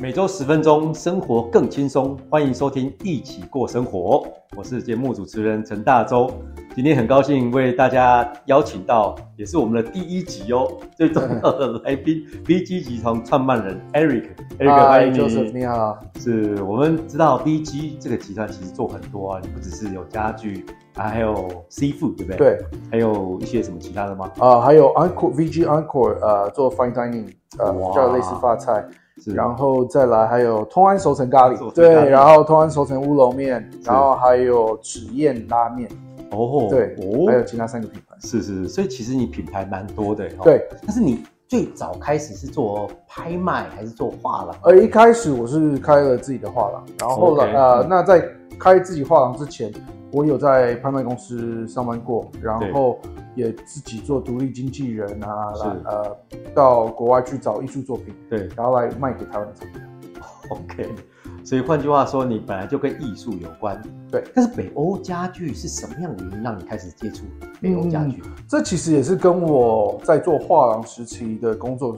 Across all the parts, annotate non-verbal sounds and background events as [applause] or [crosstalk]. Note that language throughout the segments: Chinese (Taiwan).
每週十分鐘，生活更輕鬆。歡迎收聽《藝起過生活》，我是節目主持人陳大洲。今天很高興為大家邀請到，也是我們的第一集哦，最重要的來賓 VG、嗯集團創辦人 Eric、啊。Eric，歡迎你！by me. Joseph，你好。是我們知道 VG 這個集團其實做很多啊，你不只是有家具，啊，還有 Seafood，對不對？對。還有一些什麼其他的嗎？啊，還有 VG Encore，呃，做 Fine Dining，呃，比較哇類似法菜。然後再來還有通安熟成咖喱，對，然後通安熟成烏龍麵，然後還有紙燕拉麵，哦，對，還有其他三個品牌，是是，所以其實你品牌蠻多的，對，但是你最早開始是做拍賣還是做畫廊？呃，一開始我是開了自己的畫廊，然後來，那在開自己畫廊之前，我有在拍賣公司上班過，然後。也自己做獨立經紀人啊，來呃是、啊、到國外去找藝術作品，對，然後來賣給台灣的藏家。OK，、嗯、所以換句話說，你本來就跟藝術有關。對，但是北歐家具是什麼樣的原因讓你開始接觸北歐家具？嗯、這其實也是跟我在做畫廊時期的工作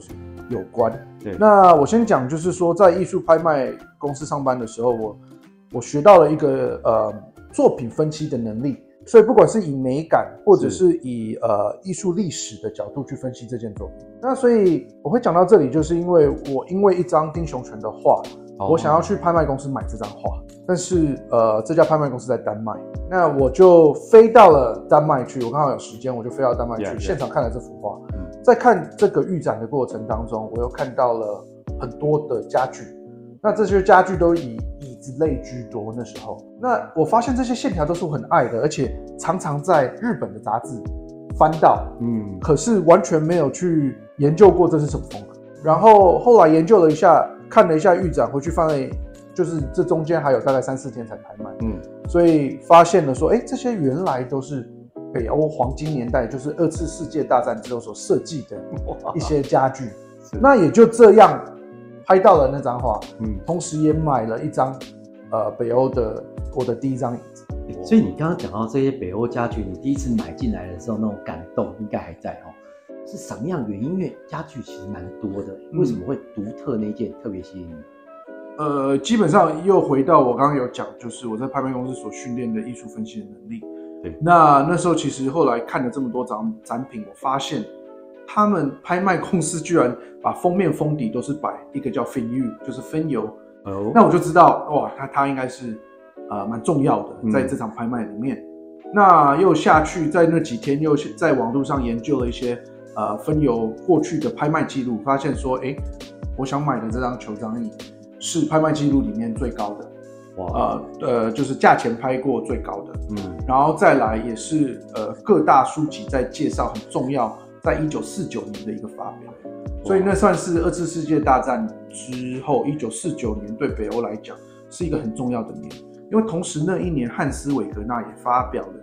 有關。對，那我先講，就是說在藝術拍賣公司上班的時候，我我學到了一個呃作品分析的能力。所以，不管是以美感，或者是以是呃藝術歷史的角度去分析這件作品，那所以我會講到這裡，就是因為我因為一張丁雄泉的畫，哦、我想要去拍賣公司買這張畫，但是呃這家拍賣公司在丹麥，那我就飛到了丹麥去。我剛好有時間，我就飛到丹麥去 yeah, yeah. 現場看了這幅畫。嗯、在看這個預展的過程當中，我又看到了很多的家具，那這些家具都以以類居多。那時候，那我發現這些線條都是我很愛的，而且常常在日本的雜誌翻到。嗯，可是完全沒有去研究過，這是什麼風格。然後後來研究了一下，看了一下預展，回去翻了，就是這中間還有大概三四天才拍賣。嗯，所以發現了說，誒、欸，這些原來都是北歐黃金年代，就是二次世界大戰之後所設計的一些家具。那也就這樣。拍到了那張畫，嗯，同時也買了一張，呃，北歐的我的第一張椅子。欸。所以你剛剛講到這些北歐家具，你第一次買進來的時候那種感動應該還在哦，喔。是什麼樣原因？因為家具其實蠻多的，嗯，為什麼會獨特那件特別吸引你？呃，基本上又回到我剛剛有講，就是我在拍賣公司所訓練的藝術分析的能力。對，那那時候其實後來看了這麼多張展品，我發現。他們拍賣公司居然把封面封底都是擺一個叫 Finn Juhl，就是芬尤。哦，oh. 那我就知道哇，他他應該是，蠻、呃、重要的，在這場拍賣裡面。嗯、那又下去，在那幾天又在網絡上研究了一些、呃，芬尤過去的拍賣記錄，發現說，哎、欸，我想買的這張酋長椅是拍賣記錄裡面最高的，哇 Wow.、呃，呃就是價錢拍過最高的。嗯，然後再來也是、呃、各大書籍在介紹很重要。在一九四九年的一個發表，所以那算是二次世界大戰之後一九四九年對北歐來講是一個很重要的年，因為同時那一年漢斯·韋格納也發表了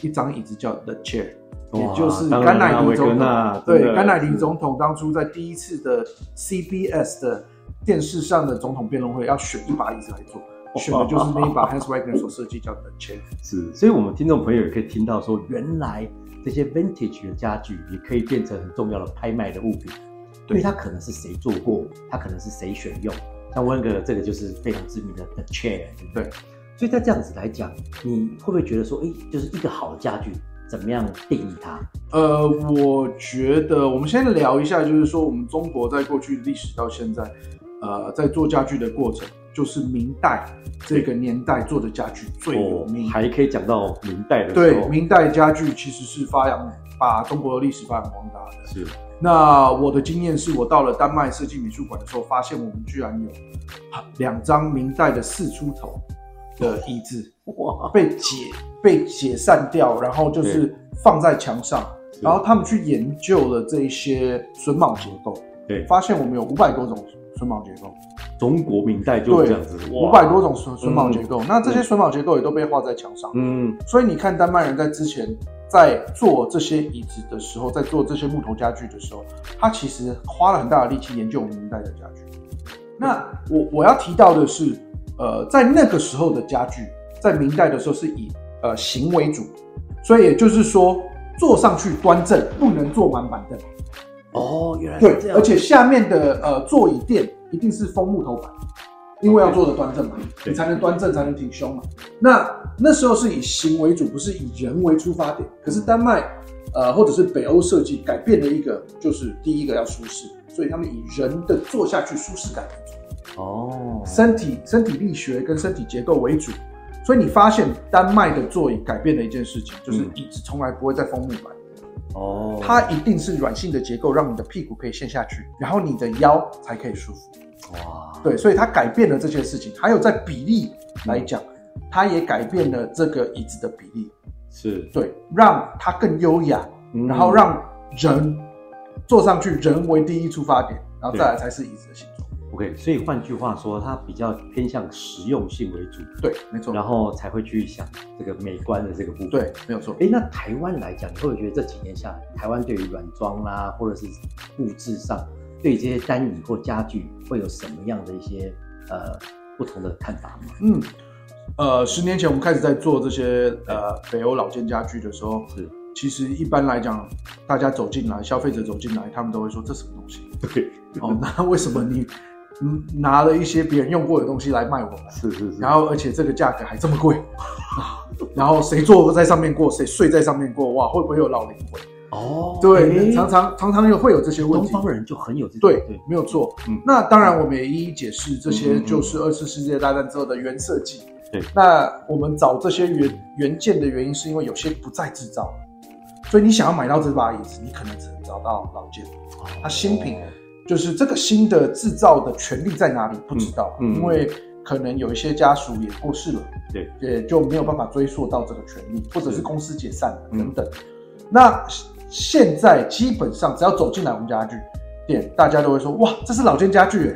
一張椅子叫 The Chair，哇也就是甘乃迪總統。對，甘乃迪總統當初在第一次的 CBS 的電視上的總統辯論會要選一把椅子來坐，選的就是那一把漢斯·韋格納所設計叫 The Chair。是，所以我們聽眾朋友也可以聽到說，原來。這些 vintage 的家具也可以變成很重要的拍賣的物品，對。因為它可能是誰做過，它可能是誰選用。像溫格這個就是非常知名的 The Chair，對。所以在這樣子來講，你會不會覺得說，哎、欸，就是一個好的家具，怎麼樣定義它？呃，我覺得我們先聊一下，就是說我們中國在過去歷史到現在，呃，在做家具的過程。就是明代這個年代做的家具最有名。哦，還可以講到明代的。對，明代家具其實是發揚把中國的歷史發揚光大的。是。那我的經驗是我到了丹麥設計美術館的時候，發現我們居然有兩張明代的四出頭的椅子，哇，被解被解散掉，然後就是放在牆上，對然後他們去研究了這一些榫卯結構，對，發現我們有五百多種榫卯結構。中國明代就這樣子，五百對哇多種榫榫卯結構，嗯、那這些榫卯結構也都被畫在牆上。嗯，所以你看，丹麥人在之前在做這些椅子的時候，在做這些木頭家具的時候，他其實花了很大的力氣研究我們明代的家具。對那我我要提到的是，呃，在那個時候的家具，在明代的時候是以呃形為主，所以也就是說，坐上去端正，不能坐滿板凳。哦，原來是對，而且下面的呃座椅墊。一定是封木頭板，因為要坐得端正嘛，Okay. 你才能端正，對才能挺胸嘛。那那時候是以形為主，不是以人為出發點。可是丹麥，呃，或者是北歐設計改變的一個，就是第一個要舒適，所以他們以人的坐下去舒適感為主。哦，oh. 身體身體力學跟身體結構為主。所以你發現丹麥的座椅改變的一件事情，就是椅子從來不會再封木板。哦，oh. 它一定是軟性的結構，讓你的屁股可以陷下去，然後你的腰才可以舒服。哇，Wow. 對，所以它改變了這些事情，還有在比例來講，嗯、它也改變了這個椅子的比例，是對，讓它更優雅，嗯、然後讓人坐上去，人為第一出發點，然後再來才是椅子的形狀。OK，所以換句話說，它比較偏向實用性為主，對，沒錯，然後才會去想這個美觀的這個部分，對，沒有錯。哎、欸，那台灣來講，你會、會覺得這幾年下來，台灣對於軟裝啦，或者是布置上，對這些單椅或家具，會有什麼樣的一些呃不同的看法嗎？嗯，呃，十年前我們開始在做這些呃北歐老件家具的時候，是對，其實一般來講，大家走進來，消費者走進來，他們都會說、嗯、這是什麼東西？OK，對哦，那為什麼你？ [laughs] 嗯、拿了一些別人用過的東西來賣我們，是是是，然後而且這個價格還這麼貴， [laughs] 然後誰坐在上面過，誰睡在上面過，哇，會不會有老靈魂？哦，對，欸、常常常常又會有這些問題。東方人就很有這些問題，對對，沒有錯。嗯、那當然我們也一一解釋，這些就是二次世界大戰之後的原設計。對，嗯嗯、那我們找這些原原件的原因是因為有些不再制造，所以你想要買到這把椅子，你可能只能找到老件，它、啊、新品。哦就是這個新的制造的權利在哪裡？不知道，嗯嗯、因為可能有一些家屬也過世了，對，也就沒有辦法追溯到這個權利，對或者是公司解散了對等等。嗯、那現在基本上只要走進來我們家具店，大家都會說，哇，這是老件家具。欸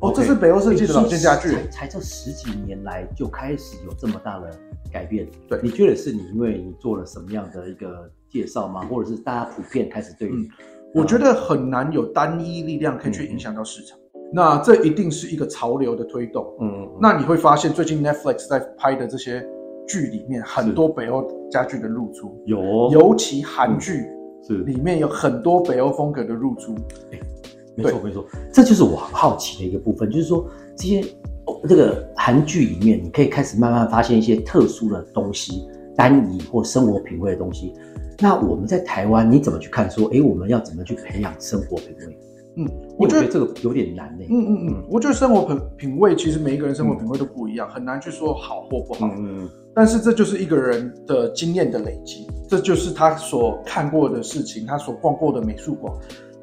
，okay, 哦，這是北歐設計的老件家具。欸欸，才。才這十幾年來就開始有這麼大的改變？對，你覺得是你因為你做了什麼樣的一個介紹嗎？或者是大家普遍開始對你、嗯？我覺得很難有單一力量可以去影響到市場，嗯嗯，那這一定是一個潮流的推動。嗯，嗯，嗯，那你會發現最近 Netflix 在拍的這些劇裡面，很多北歐家具的露出有，是尤其韓劇是裡面有很多北歐風格的露出。哎，沒錯沒錯，這就是我很好奇的一個部分，就是說這些、哦、這個韓劇裡面，你可以開始慢慢發現一些特殊的東西，單椅或生活品味的東西。那我們在台灣，你怎麼去看？說，哎、欸，我們要怎麼去培養生活品味？嗯，我覺得這個有點難呢。嗯嗯嗯，我覺得生活品品味其實每一個人生活品味都不一樣，嗯、很難去說好或不好。嗯。但是這就是一個人的經驗的累積，這就是他所看過的事情，他所逛過的美術館，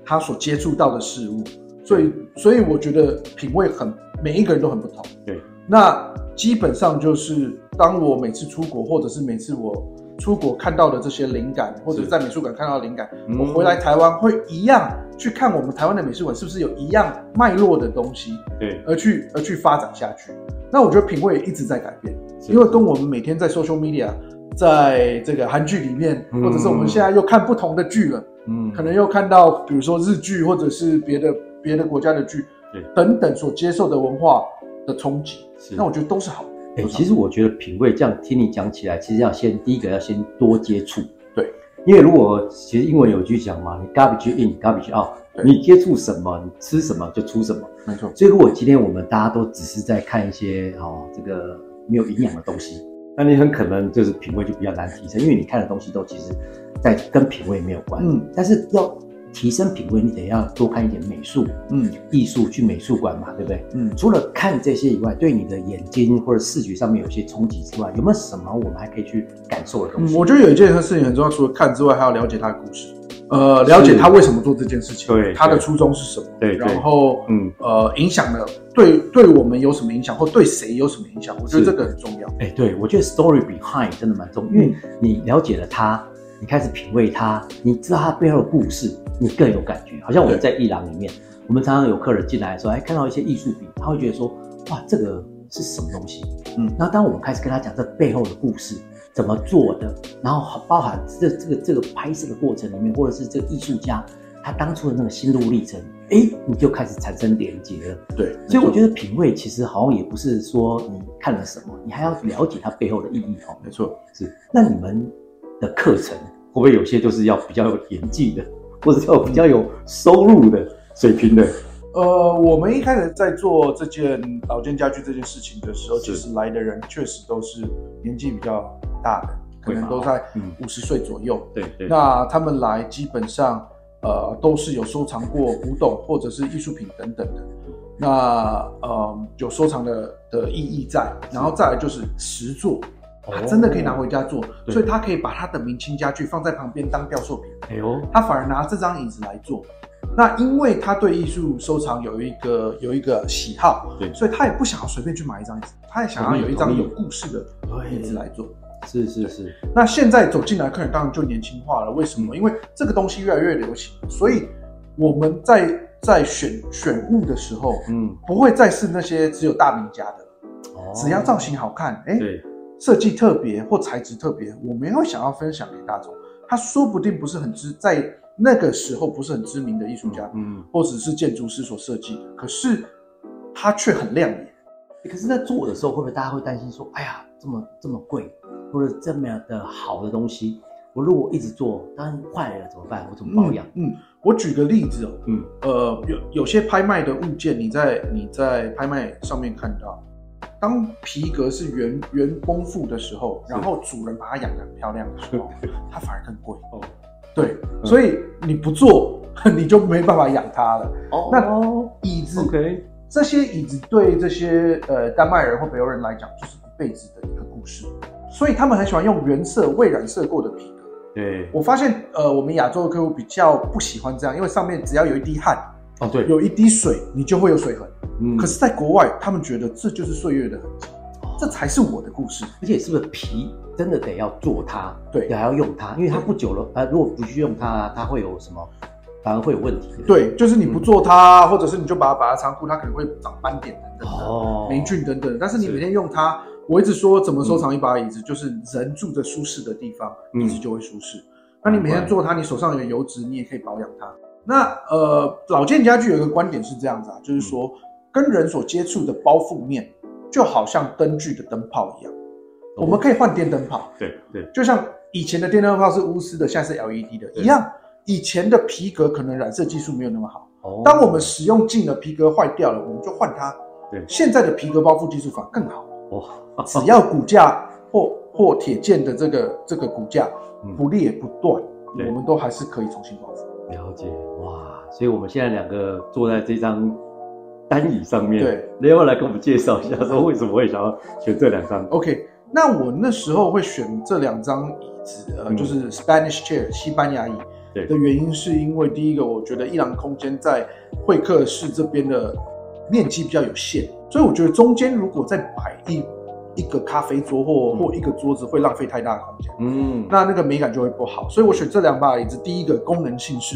他所接觸到的事物。所以，對所以我覺得品味很，每一個人都很不同。對。那基本上就是，當我每次出國，或者是每次我，出國看到的這些靈感，或者在美術館看到的靈感，嗯，我回來台灣會一樣去看我們台灣的美術館是不是有一樣脈絡的東西，對，而去而去發展下去。那我覺得品味也一直在改變，因為跟我們每天在 social media，在這個韓劇裡面，或者是我們現在又看不同的劇了，嗯，可能又看到比如說日劇或者是別的別的國家的劇，對，等等所接受的文化的衝擊，是那我覺得都是好的。哎、欸，其實我覺得品味這樣聽你講起來，其實要先第一個要先多接觸，對，因為如果其實英文有句講嘛，你 garbage in，garbage out，對你接觸什麼，你吃什麼就出什麼，沒錯錯。所以如果今天我們大家都只是在看一些哦這個沒有營養的東西，那你很可能就是品味就比較難提升，因為你看的東西都其實，在跟品味沒有關。嗯，但是要。提升品味，你得要多看一點美術，嗯，藝術去美術館嘛，對不對？嗯，除了看這些以外，對你的眼睛或者視覺上面有些衝擊之外，有沒有什麼我們還可以去感受的東西？嗯、我覺得有一件事情很重要，除了看之外，還要了解他的故事。呃，了解他為什麼做這件事情，對，對他的初衷是什麼？對，對然後，嗯，呃，影響了對對我們有什麼影響，或對誰有什麼影響？我覺得這個很重要。哎、欸，對，我覺得 story behind 真的蠻重要，嗯、因為你了解了他，你開始品味它，你知道它背後的故事，你更有感覺。好像我們在藝廊裡面，對我們常常有客人進來的時候，哎，看到一些藝術品，他會覺得說，哇，這個是什麼東西？嗯，那當我們開始跟他講這背後的故事，怎麼做的，然後包含這這個這個拍攝的過程裡面，或者是這個藝術家他當初的那個心路歷程，哎、欸，你就開始產生連結了。對，所以我覺得品味其實好像也不是說你看了什麼，你還要了解它背後的意義哦、喔。沒錯，是。那你們的課程會不會有些就是要比較有年紀的，或者叫比較有收入的水平的、嗯？呃，我們一開始在做這件老件家具這件事情的時候，是其實來的人確實都是年紀比較大的，嗎可能都在五十歲左右。對對、嗯。那他們來基本上呃都是有收藏過古董或者是藝術品等等的，那呃有收藏的的意義在，是然後再來就是實作。他真的可以拿回家坐。哦、所以他可以把他的明清家具放在旁邊當雕塑品。哎、喲他反而拿這張椅子來坐，那因為他對藝術收藏有一個有一個喜好，對，所以他也不想要隨便去買一張椅子，他也想要有一張有故事的椅子來坐。是是是。那現在走進來客人當然就年輕化了，為什麼？因為這個東西越來越流行，所以我們在在選選物的時候，嗯，不會再是那些只有大名家的，哦、只要造型好看，哎，設計特別或材質特別，我沒有想要分享給大眾。他說不定不是很知在那個時候不是很知名的藝術家，嗯，或者是建築師所設計，可是他卻很亮眼。可是，在做的時候，會不會大家會擔心說，哎呀，這麼這麼貴，或者這麼的好的東西，我如果一直做，當然壞了怎麼辦？我怎麼保養？嗯，嗯，我舉個例子哦，嗯，呃，有有些拍賣的物件，你在你在拍賣上面看到。當皮革是原原工副的時候，然後主人把它養得很漂亮的時候，它是 [laughs] 反而更貴哦。Uh, 對，uh, 所以你不坐，你就沒辦法養它了。哦，uh, 那椅子，okay. 這些椅子對這些、uh. 呃丹麥人或北歐人來講，就是一輩子的一個故事，所以他們很喜歡用原色未染色過的皮革。對，uh, 我發現呃我們亞洲的客戶比較不喜歡這樣，因為上面只要有一滴汗，哦、uh, 對，有一滴水，你就會有水痕。可是，在國外，他們覺得這就是歲月的痕迹，這才是我的故事。而且，是不是皮真的得要做它？對，還要用它，因為它不久了。啊，如果不去用它，它會有什麼？反而會有問題。對，就是你不做它，或者是你就把它把它倉庫，它可能會長斑點等等哦黴菌等等。但是你每天用它，我一直說怎麼收藏一把椅子，就是人住着舒適的地方，椅子就會舒適。那你每天坐它，你手上有油脂，你也可以保養它。那呃，老件家具有一個觀點是這樣子啊，就是說。跟人所接觸的包覆面，就好像燈具的燈泡一樣，哦、我們可以換電燈泡。對對，對就像以前的電燈泡是鎢絲的，現在是 LED 的對一樣。以前的皮革可能染色技術沒有那麼好。哦、當我們使用盡了，皮革壞掉了，我們就換它。對。現在的皮革包覆技術反而更好。哦。只要骨架或或鐵件的這個這個骨架不裂不斷，嗯、我們都還是可以重新包覆。嗯、了解。哇，所以我們現在兩個坐在這張。單椅上面，對，另外來跟我們介紹一下，說為什麼會想要選這兩張。OK，那我那時候會選這兩張椅子，呃嗯、就是 Spanish Chair 西班牙椅，對的原因是因為對第一個，我覺得伊朗空間在會客室這邊的面積比較有限，所以我覺得中間如果再擺一一個咖啡桌或、嗯、或一個桌子，會浪費太大的空間，嗯，那那個美感就會不好。所以我選這兩把椅子，第一個功能性是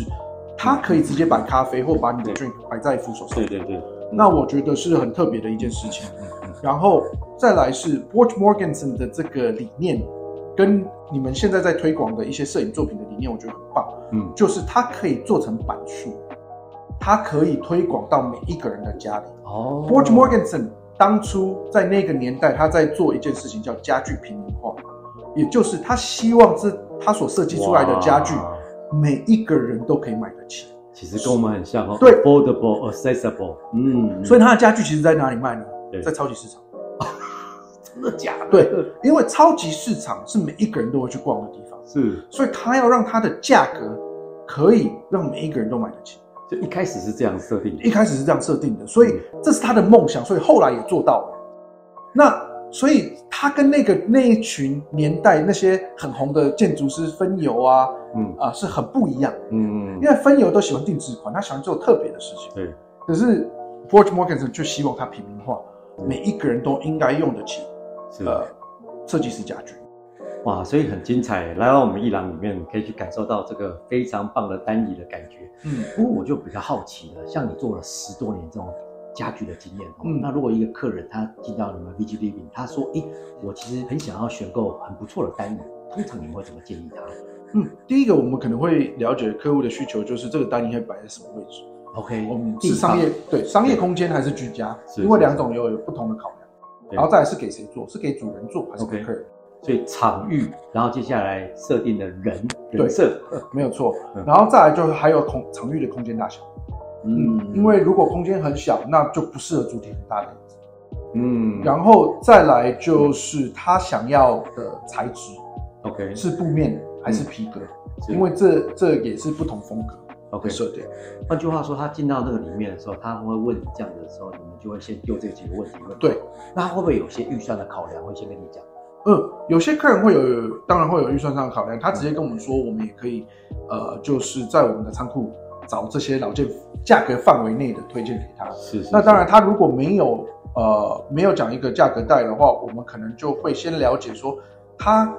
它可以直接擺咖啡或把你的 drink 擺對在扶手上，對對對。那我覺得是很特別的一件事情，然後再來是 Børge Mogensen 的這個理念，跟你們現在在推廣的一些攝影作品的理念，我覺得很棒。嗯，就是它可以做成板書，它可以推廣到每一個人的家裡。哦 Børge Mogensen 當初在那個年代，他在做一件事情叫家具平民化，也就是他希望這，他所設計出來的家具，每一個人都可以買得起。其實跟我們很像哈，喔，對，affordable, accessible，嗯，所以他的家具其實在哪裡賣呢？對在超級市場。啊、 [laughs] 真的假的？對，因為超級市場是每一個人都會去逛的地方，是，所以他要讓他的價格可以讓每一個人都買得起，就一開始是這樣設定的，一開始是這樣設定的，所以這是他的夢想，所以後來也做到了。那。所以他跟那個那一群年代那些很紅的建築師芬尤啊，嗯啊、呃、是很不一樣，嗯，嗯，因為芬尤都喜歡定製款，他喜歡做特別的事情，對、嗯。可是 Børge Mogensen 就希望他平民化，嗯、每一個人都應該用得起，是。設計師家具，哇，所以很精彩。來到我們藝廊裡面，可以去感受到這個非常棒的單椅的感覺，嗯。不過我就比較好奇了，像你做了十多年這種。傢具的經驗，嗯，那如果一個客人他進到你們 VG Living 他說，欸，我其實很想要選購很不錯的單椅，通常，常你會怎麼建議他？嗯，第一個我們可能會了解客戶的需求，就是這個單椅會擺在什麼位置？OK，我們是商業，方對，商業空間還是居家？對因為兩種有有不同的考量，是是是，然後再來是給誰做，是給主人做還是給客人？Okay, 所以場域，然後接下來設定的人對人設設、呃，沒有錯，然後再來就是還有同場域的空間大小。嗯，因為如果空間很小，那就不適合主體很大的樣子。嗯，然後再來就是他想要的材質，OK，是布面還是皮革？嗯、因為這這也是不同風格。OK，說對。換句話說，他進到那個裡面的時候，他會問你這樣子的時候，你們就會先就這幾個問題問。對，那他會不會有些預算的考量會先跟你講？嗯、呃，有些客人會有，有當然會有預算上的考量。他直接跟我們說，我們也可以，嗯、呃，就是在我們的倉庫。找這些老件價格範圍內的推薦給他。是，是。那當然，他如果沒有呃沒有講一個價格帶的話，我們可能就會先了解說他，他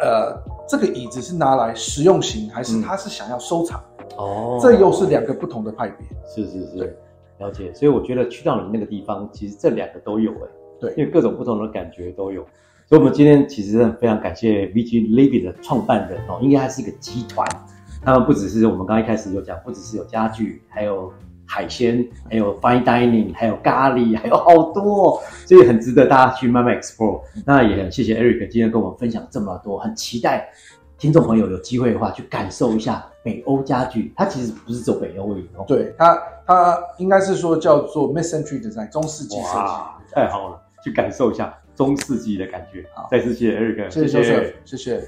呃這個椅子是拿來實用型，還是他是想要收藏？哦、嗯。這又是兩個不同的派別。哦、對是是是，了解。所以我覺得去到你那個地方，其實這兩個都有誒。對。因為各種不同的感覺都有。所以，我們今天其實非常感謝 VG Living 的創辦人哦，應該還是一個集團。他們不只是我們剛一開始有講，不只是有家具，還有海鮮，還有 fine dining，還有咖喱，還有好多哦，所以很值得大家去慢慢 explore。那也很謝謝 Eric 今天跟我們分享這麼多，很期待聽眾朋友有機會的話去感受一下北歐家具。它其實不是走北歐的哦，對，它它應該是說叫做 Mid-century Design 中世紀設計，太好了，去感受一下中世紀的感覺。好，再次謝謝 Eric，謝謝，謝謝，謝謝。